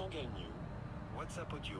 Sangalnew. WhatsApp audio